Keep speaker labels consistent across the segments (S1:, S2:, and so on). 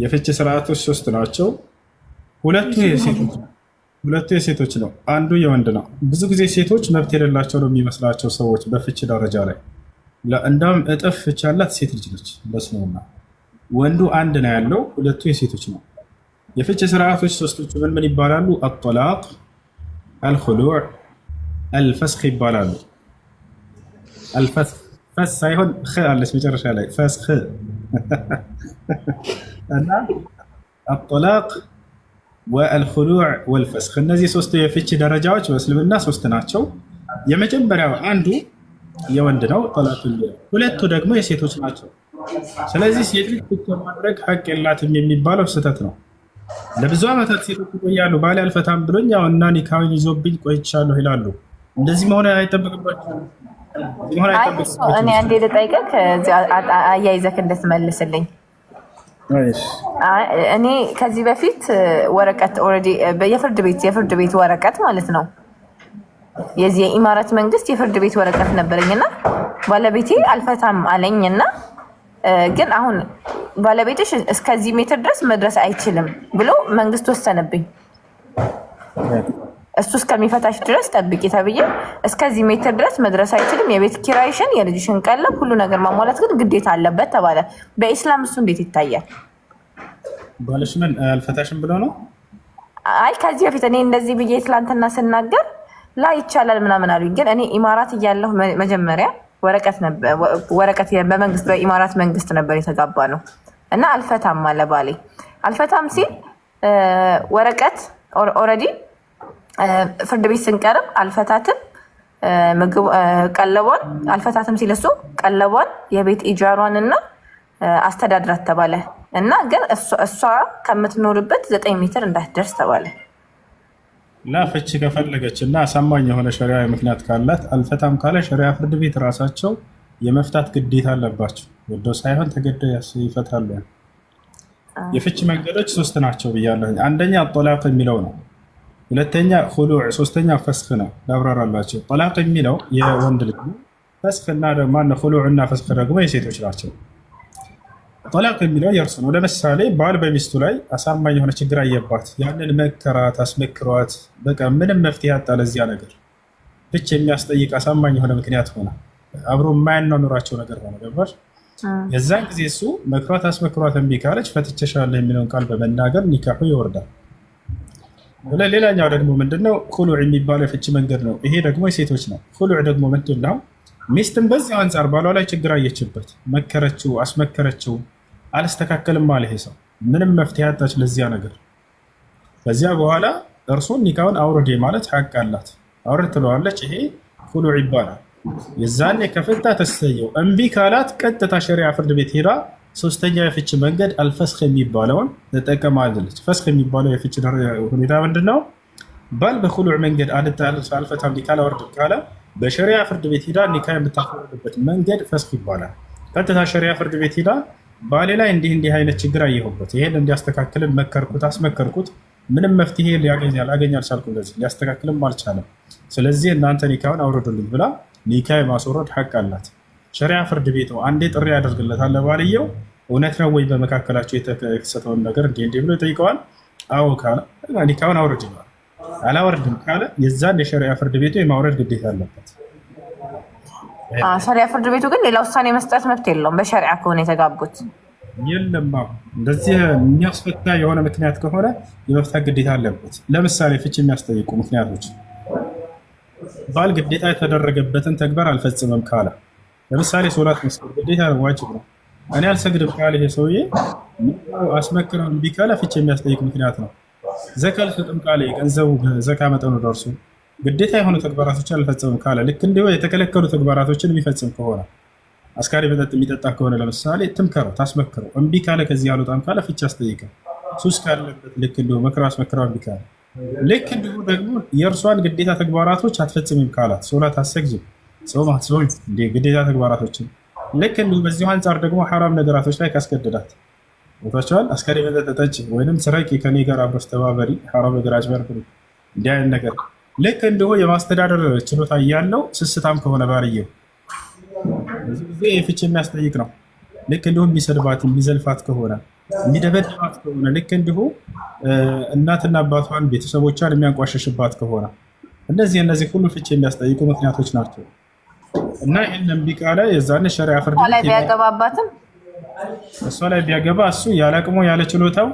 S1: የፍች ስርዓቶች ሶስት ናቸው። ሁለቱ የሴቶች ሁለቱ የሴቶች ነው፣ አንዱ የወንድ ነው። ብዙ ጊዜ ሴቶች መብት የሌላቸው ነው የሚመስላቸው ሰዎች በፍች ደረጃ ላይ እንዳውም እጥፍ ፍች ያላት ሴት ልጅ ነች። በስነውና ወንዱ አንድ ነው ያለው፣ ሁለቱ የሴቶች ነው። የፍቺ ስርዓቶች ሶስቶቹ ምን ምን ይባላሉ? አጠላቅ፣ አልኩሉዕ፣ አልፈስክ ይባላሉ። አልፈስክ ፈስ ሳይሆን አለች መጨረሻ ላይ ፈስክ እና አጠላቅ ወአልኹሉዕ ወልፈስክ እነዚህ ሶስት የፍቺ ደረጃዎች በእስልምና ሶስት ናቸው። የመጀመሪያው አንዱ የወንድ ነው፣ ጠላቅ። ሁለቱ ደግሞ የሴቶች ናቸው። ስለዚህ ሴት ፍቺ ማድረግ ሀቅ የላትም የሚባለው ስህተት ነው። ለብዙ ዓመታት ሴቶች ይቆያሉ። ባል ያልፈታም ብሎኝ ያው እና ኒካውን ይዞብኝ ቆይቻለሁ ይላሉ። እንደዚህ መሆን አይጠበቅባቸው።
S2: እኔ አንዴ ልጠይቅህ፣ አያይዘህ እንድትመልስልኝ እኔ ከዚህ በፊት ወረቀት የፍርድ ቤት የፍርድ ቤት ወረቀት ማለት ነው የዚህ የኢማራት መንግስት የፍርድ ቤት ወረቀት ነበረኝና ባለቤቴ አልፈታም እና ግን አሁን ባለቤትሽ እስከዚህ ሜትር ድረስ መድረስ አይችልም ብሎ መንግስት ወሰነብኝ። እሱ እስከሚፈታሽ ድረስ ጠብቂ ተብዬ እስከዚህ ሜትር ድረስ መድረስ አይችልም። የቤት ኪራይሽን፣ የልጅሽን ቀለብ፣ ሁሉ ነገር ማሟላት ግን ግዴታ አለበት ተባለ። በኢስላም እሱ እንዴት ይታያል?
S1: ባልሽ ምን አልፈታሽም ብሎ ነው?
S2: አይ ከዚህ በፊት እኔ እንደዚህ ብዬ ትላንትና ስናገር ላይ ይቻላል ምናምን አሉኝ። ግን እኔ ኢማራት እያለሁ መጀመሪያ ወረቀት በመንግስት በኢማራት መንግስት ነበር የተጋባ ነው እና አልፈታም አለ ባሌ። አልፈታም ሲል ወረቀት ኦልሬዲ ፍርድ ቤት ስንቀርብ አልፈታትም ቀለቧን አልፈታትም ሲል እሱ ቀለቧን የቤት ኢጃሯን እና አስተዳድራት ተባለ እና ግን እሷ ከምትኖርበት ዘጠኝ ሜትር እንዳትደርስ ተባለ
S1: እና ፍቺ ከፈለገች እና አሳማኝ የሆነ ሸሪያ ምክንያት ካላት አልፈታም ካለ ሸሪያ ፍርድ ቤት ራሳቸው የመፍታት ግዴታ አለባቸው። ወዶ ሳይሆን ተገደ ይፈታሉ። የፍቺ መንገዶች ሶስት ናቸው ብያለሁ። አንደኛ ጦላቅ የሚለው ነው ሁለተኛ ሁሉዕ፣ ሶስተኛ ፈስክ ነው። ላብራራላቸው። ጠላቅ የሚለው የወንድ ልጅ ነው። ፈስክና ማነው ሁሉዕ እና ፈስክ ደግሞ የሴቶች ናቸው። ጠላቅ የሚለው የእርሱ ነው። ለምሳሌ ባል በሚስቱ ላይ አሳማኝ የሆነ ችግር አየባት፣ ያንን መከራት፣ አስመክሯት፣ በቃ ምንም መፍትሄ አጣ ለዚያ ነገር ብቻ የሚያስጠይቅ አሳማኝ የሆነ ምክንያት ሆነ፣ አብሮ የማያኗኑራቸው ነገር ሆነ ገባሽ? የዛን ጊዜ እሱ መክሯት፣ አስመክሯት እምቢ ካለች ፈትቼሻለሁ የሚለውን ቃል በመናገር ኒካሑ ይወርዳል። ሌላኛው ደግሞ ምንድነው? ኩሉዕ የሚባለው የፍቺ መንገድ ነው። ይሄ ደግሞ የሴቶች ነው። ኩሉዕ ደግሞ ምንድን ነው? ሚስትን በዚያው አንጻር ባሏ ላይ ችግር አየችበት፣ መከረችው፣ አስመከረችው፣ አልስተካከልም አለ ይሄ ሰው። ምንም መፍትሄ አጣች ለዚያ ነገር። ከዚያ በኋላ እርሱን ኒካውን አውርድ ማለት ሀቅ አላት። አውርድ ትለዋለች። ይሄ ኩሉዕ ይባላል። የዛኔ ከፍታ ተሰየው። እምቢ ካላት ቀጥታ ሸሪያ ፍርድ ቤት ሄዳ ሶስተኛው የፍች መንገድ አልፈስክ የሚባለውን ተጠቀማለች። ፈስክ የሚባለው የፍች ሁኔታ ምንድን ነው? ባል በኩሉዕ መንገድ አልፈታም ኒካ ላወርድ ካለ በሸሪያ ፍርድ ቤት ሂዳ ኒካ የምታፈርድበት መንገድ ፈስክ ይባላል። ቀጥታ ሸሪያ ፍርድ ቤት ሂዳ ባሌ ላይ እንዲህ እንዲህ አይነት ችግር አየሁበት፣ ይሄን እንዲያስተካክልን መከርኩት፣ አስመከርኩት፣ ምንም መፍትሄ ሊያገኝ አልቻልኩ፣ ለዚህ ሊያስተካክልም አልቻለም። ስለዚህ እናንተ ኒካውን አውርዱልኝ ብላ ኒካ የማስወረድ ሀቅ አላት። ሸሪያ ፍርድ ቤት ነው። አንዴ ጥሪ ያደርግለታል ለባልየው እውነት ነው ወይ በመካከላቸው የተከሰተውን ነገር እንዲ እንዲ ብሎ ይጠይቀዋል። አዎ ካለ ኒካውን አውርድ ይለዋል። አላወርድም ካለ የዛን የሸሪያ ፍርድ ቤቱ የማውረድ ግዴታ አለበት።
S2: ሸሪያ ፍርድ ቤቱ ግን ሌላ ውሳኔ መስጠት መብት የለውም። በሸሪያ ከሆነ የተጋቡት
S1: የለም እንደዚህ የሚያስፈታ የሆነ ምክንያት ከሆነ የመፍታት ግዴታ አለበት። ለምሳሌ ፍች የሚያስጠይቁ ምክንያቶች ባል ግዴታ የተደረገበትን ተግባር አልፈጽምም ካለ ለምሳሌ ሶላት መስገድ ግዴታ ነው፣ ዋጅብ ነው። እኔ አልሰግድም ካለ ይሄ ሰውዬ አስመክረው እምቢ ካለ ፍቺ የሚያስጠይቅ ምክንያት ነው። ዘካ አልሰጥም ካለ የገንዘቡ ዘካ መጠኑ ደርሱ ግዴታ የሆኑ ተግባራቶችን አልፈጸምም ካለ ልክ እንዲሁ የተከለከሉ ተግባራቶችን የሚፈጽም ከሆነ አስካሪ መጠጥ የሚጠጣ ከሆነ ለምሳሌ ትምከረው፣ ታስመክረው እምቢ ካለ ከዚህ አልወጣም ካለ ፍቺ አስጠይቀ። ሱስ ካለበት ልክ እንዲሁ መክረው አስመክረው እምቢ ካለ ልክ እንዲሁ ደግሞ የእርሷን ግዴታ ተግባራቶች አትፈጽምም ካላት ሶላት አሰግጅም ሰው ማስበው ግዴታ ተግባራቶችን ልክ እንዲሁ በዚሁ አንጻር ደግሞ ሐራም ነገራቶች ላይ ካስገደዳት ቦታቸዋል አስከሪ መጠጥ ጠጪ ወይም ስረቂ ከኔ ጋር አብረሽ ተባበሪ፣ ሐራም ነገር አጭበርብሪ፣ እንዲህ አይነት ነገር ልክ እንዲሁ የማስተዳደር ችሎታ እያለው ስስታም ከሆነ ባርየው ጊዜ የፍች የሚያስጠይቅ ነው። ልክ እንዲሁ የሚሰድባት የሚዘልፋት ከሆነ የሚደበድባት ከሆነ ልክ እንዲሁ እናትና አባቷን ቤተሰቦቿን የሚያንቋሸሽባት ከሆነ እነዚህ እነዚህ ሁሉ ፍች የሚያስጠይቁ ምክንያቶች ናቸው። እና ይህንን ቢቃለ የዛን ሸሪያ ፍርድ ላይ
S2: ቢያገባባትም
S1: እሷ ላይ ቢያገባ እሱ ያለ አቅሙ ያለ ችሎታው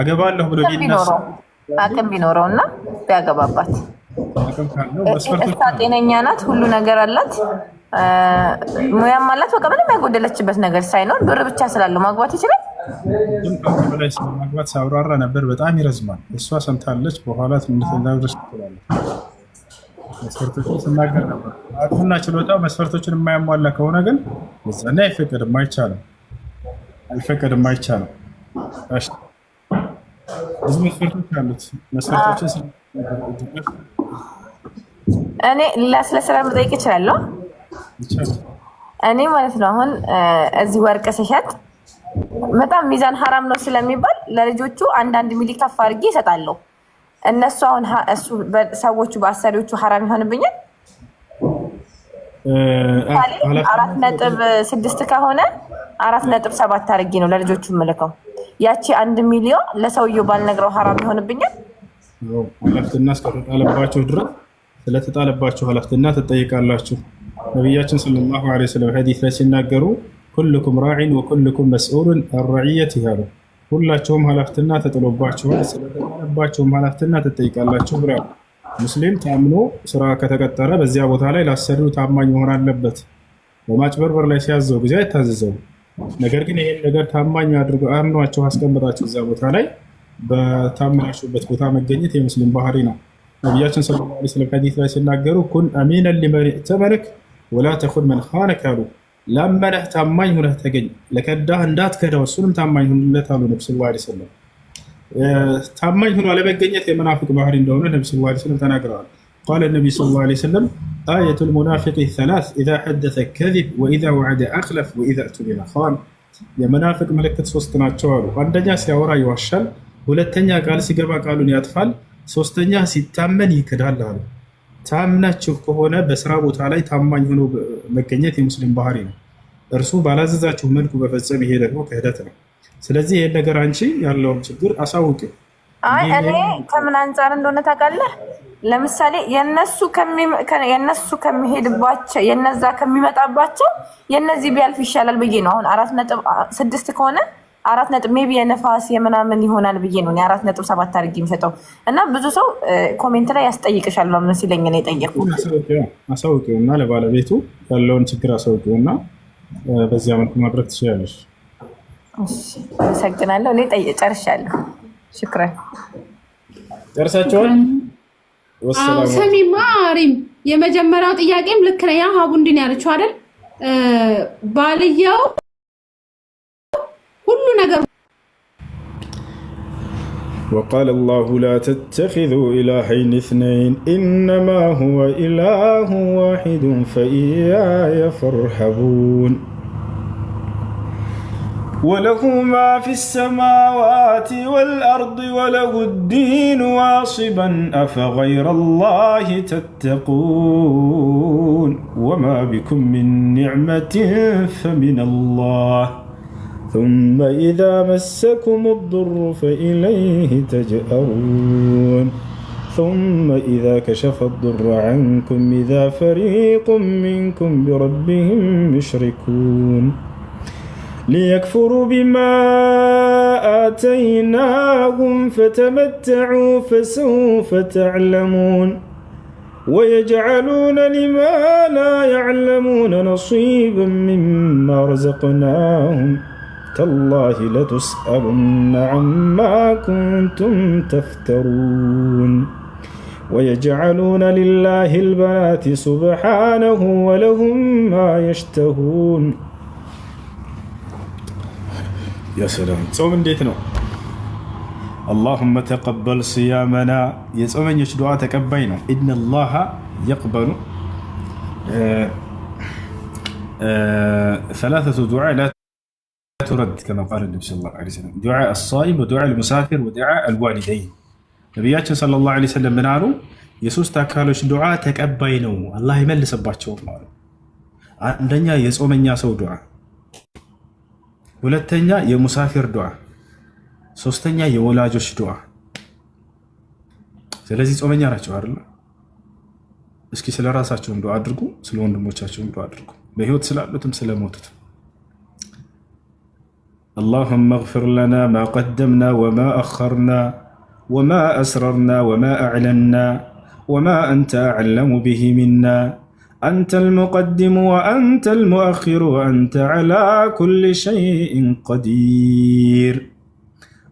S1: አገባለሁ ብሎ ቢነሳ
S2: አቅም ቢኖረው እና ቢያገባባት እሷ ጤነኛ ናት፣ ሁሉ ነገር አላት፣ ሙያም አላት። በቃ ምንም ያጎደለችበት ነገር ሳይኖር ብር ብቻ ስላለው ማግባት ይችላል።
S1: ግን በላይ ማግባት ሳብራራ ነበር። በጣም ይረዝማል። እሷ ሰምታለች። በኋላ ትላለች ትላለች መስፈርቶችን ስናገር ነበር። አቅሙና ችሎታው መስፈርቶችን የማያሟላ ከሆነ ግን እና አይፈቀድም፣ አይቻልም፣ አይፈቀድም፣ አይቻልም። ብዙ መስፈርቶች አሉት። መስፈርቶችን
S2: እኔ መጠየቅ እኔ ማለት ነው አሁን እዚህ ወርቅ ስሸጥ በጣም ሚዛን ሀራም ነው ስለሚባል ለልጆቹ አንዳንድ ሚሊ ከፍ አድርጌ ይሰጣለሁ። እነሱ አሁን ሰዎቹ በአሰሪዎቹ ሀራም ይሆንብኛል። አራት ነጥብ ስድስት ከሆነ አራት ነጥብ ሰባት አድርጌ ነው ለልጆቹ ምልከው። ያቺ አንድ ሚሊዮን ለሰውየው ባልነግረው ሀራም ይሆንብኛል።
S1: ኃላፍትና እስከተጣለባቸው ድረስ ስለተጣለባቸው ኃላፍትና ትጠይቃላችሁ። ነቢያችን ሰለላሁ ዐለይሂ ወሰለም ሐዲስ ላይ ሲናገሩ ኩልኩም ራዒን ወኩልኩም መስኡሉን አን ረዕየት ይላሉ። ሁላቸውም ኃላፊትና ተጥሎባቸዋል። ስለተጣለባቸውም ኃላፊትና ትጠይቃላችሁ ብሏል። ሙስሊም ታምኖ ስራ ከተቀጠረ በዚያ ቦታ ላይ ላሰሪው ታማኝ መሆን አለበት። በማጭበርበር ላይ ሲያዘው ጊዜ አይታዘዘው። ነገር ግን ይሄን ነገር ታማኝ አድርገው አምኗቸው አስቀምጣቸው እዚያ ቦታ ላይ በታመናችሁበት ቦታ መገኘት የሙስሊም ባህሪ ነው። ነቢያችን ስለ ዐለይሂ ወሰለም ሐዲስ ላይ ሲናገሩ ኩን አሚነን ሊመን ተመልክ ወላ ተኩን መን ኻነክ አሉ። ለመነህ ታማኝ ሁነህ ተገኝ። ለከዳህ እንዳትከዳው እሱንም ታማኝ ሁንለት አሉ ነቢ ስለ ላ ታማኝ ሁኖ አለመገኘት የመናፍቅ ባህሪ እንደሆነ ነቢ ስለ ላ ስለም ተናግረዋል። ቃለ ነቢ ስለ ላ ስለም አየቱ ልሙናፊቅ ሰላስ ኢዛ ሐደሰ ከዚብ ወኢዛ ወዐደ አክለፍ ወኢዛ እቱቢና ኸዋን። የመናፍቅ ምልክት ሶስት ናቸው አሉ። አንደኛ ሲያወራ ይዋሻል፣ ሁለተኛ ቃል ሲገባ ቃሉን ያጥፋል፣ ሶስተኛ ሲታመን ይክዳል አሉ። ታምናችሁ ከሆነ በስራ ቦታ ላይ ታማኝ ሆኖ መገኘት የሙስሊም ባህሪ ነው። እርሱ ባላዘዛችሁ መልኩ በፈጸም ይሄ ደግሞ ክህደት ነው። ስለዚህ ይህን ነገር አንቺ ያለውን ችግር አሳውቂው።
S2: አይ እኔ ከምን አንጻር እንደሆነ ታውቃለህ? ለምሳሌ የነሱ የነሱ ከሚሄድባቸው የነዛ ከሚመጣባቸው የነዚህ ቢያልፍ ይሻላል ብዬ ነው። አሁን አራት ነጥብ ስድስት ከሆነ አራት ነጥብ ሜቢ የነፋስ የምናምን ይሆናል ብዬ ነው አራት ነጥብ ሰባት አድርጌ የሚሰጠው እና ብዙ ሰው ኮሜንት ላይ ያስጠይቅሻል ምናምን ሲለኝ ነው የጠየቁት።
S1: አሳውቂው እና ለባለቤቱ ያለውን ችግር አሳውቂው እና በዚያ መልኩ ማድረግ ትችላለች።
S2: አመሰግናለሁ። እኔ ጨርሻለሁ። ሽክረን ጨርሳቸዋል። ሰሚማ አሪም የመጀመሪያው ጥያቄም ልክ ነህ። ያ ሀቡ እንድን ያለችው አይደል ባልየው كل نجر
S3: وقال الله لا تتخذوا إلهين اثنين إنما هو إله واحد فإياي فارهبون وله ما في السماوات والأرض وله الدين واصبا أفغير الله تتقون وما بكم من نعمة فمن الله ثم إذا مسكم الضر فإليه تجأرون ثم إذا كشف الضر عنكم إذا فريق منكم بربهم مشركون ليكفروا بما آتيناهم فتمتعوا فسوف تعلمون ويجعلون لما لا يعلمون نصيبا مما رزقناهم ۖ تالله لتسألن عما كنتم تفترون ويجعلون لله البنات سبحانه ولهم ما يشتهون
S1: يا سلام صوم ديتنا اللهم تقبل صيامنا يا سلام ተቀባይ سلام ان الله يقبل ثلاثة دعاء لا ترد كما قال النبي صلى الله عليه وسلم دعاء الصائم ودعاء المسافر ودعاء الوالدين ነቢያችን ሰለላሁ ዐለይሂ ወሰለም ምን አሉ? የሶስት አካሎች ዱዓ ተቀባይ ነው፣ አላህ ይመልስባቸውም አሉ። አንደኛ የጾመኛ ሰው ዱዓ፣ ሁለተኛ የሙሳፊር ዱዓ፣ ሶስተኛ የወላጆች ዱዓ። ስለዚህ ጾመኛ ናቸው አይደለ? እስኪ ስለ ራሳቸውም ዱዓ አድርጉ፣ ስለ ወንድሞቻቸውም ዱዓ አድርጉ፣ በህይወት ስላሉትም ስለሞቱትም
S3: اللهم اغفر لنا ما قدمنا وما أخرنا وما أسررنا وما أعلنا وما أنت أعلم به منا أنت المقدم وأنت المؤخر وأنت على كل شيء قدير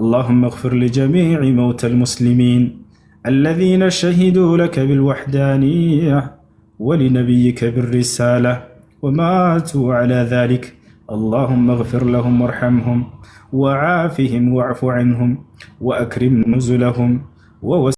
S3: اللهم اغفر لجميع موتى المسلمين الذين شهدوا لك بالوحدانية ولنبيك بالرسالة وماتوا على ذلك اللهم اغفر لهم وارحمهم وعافهم واعف عنهم وأكرم نزلهم ووسع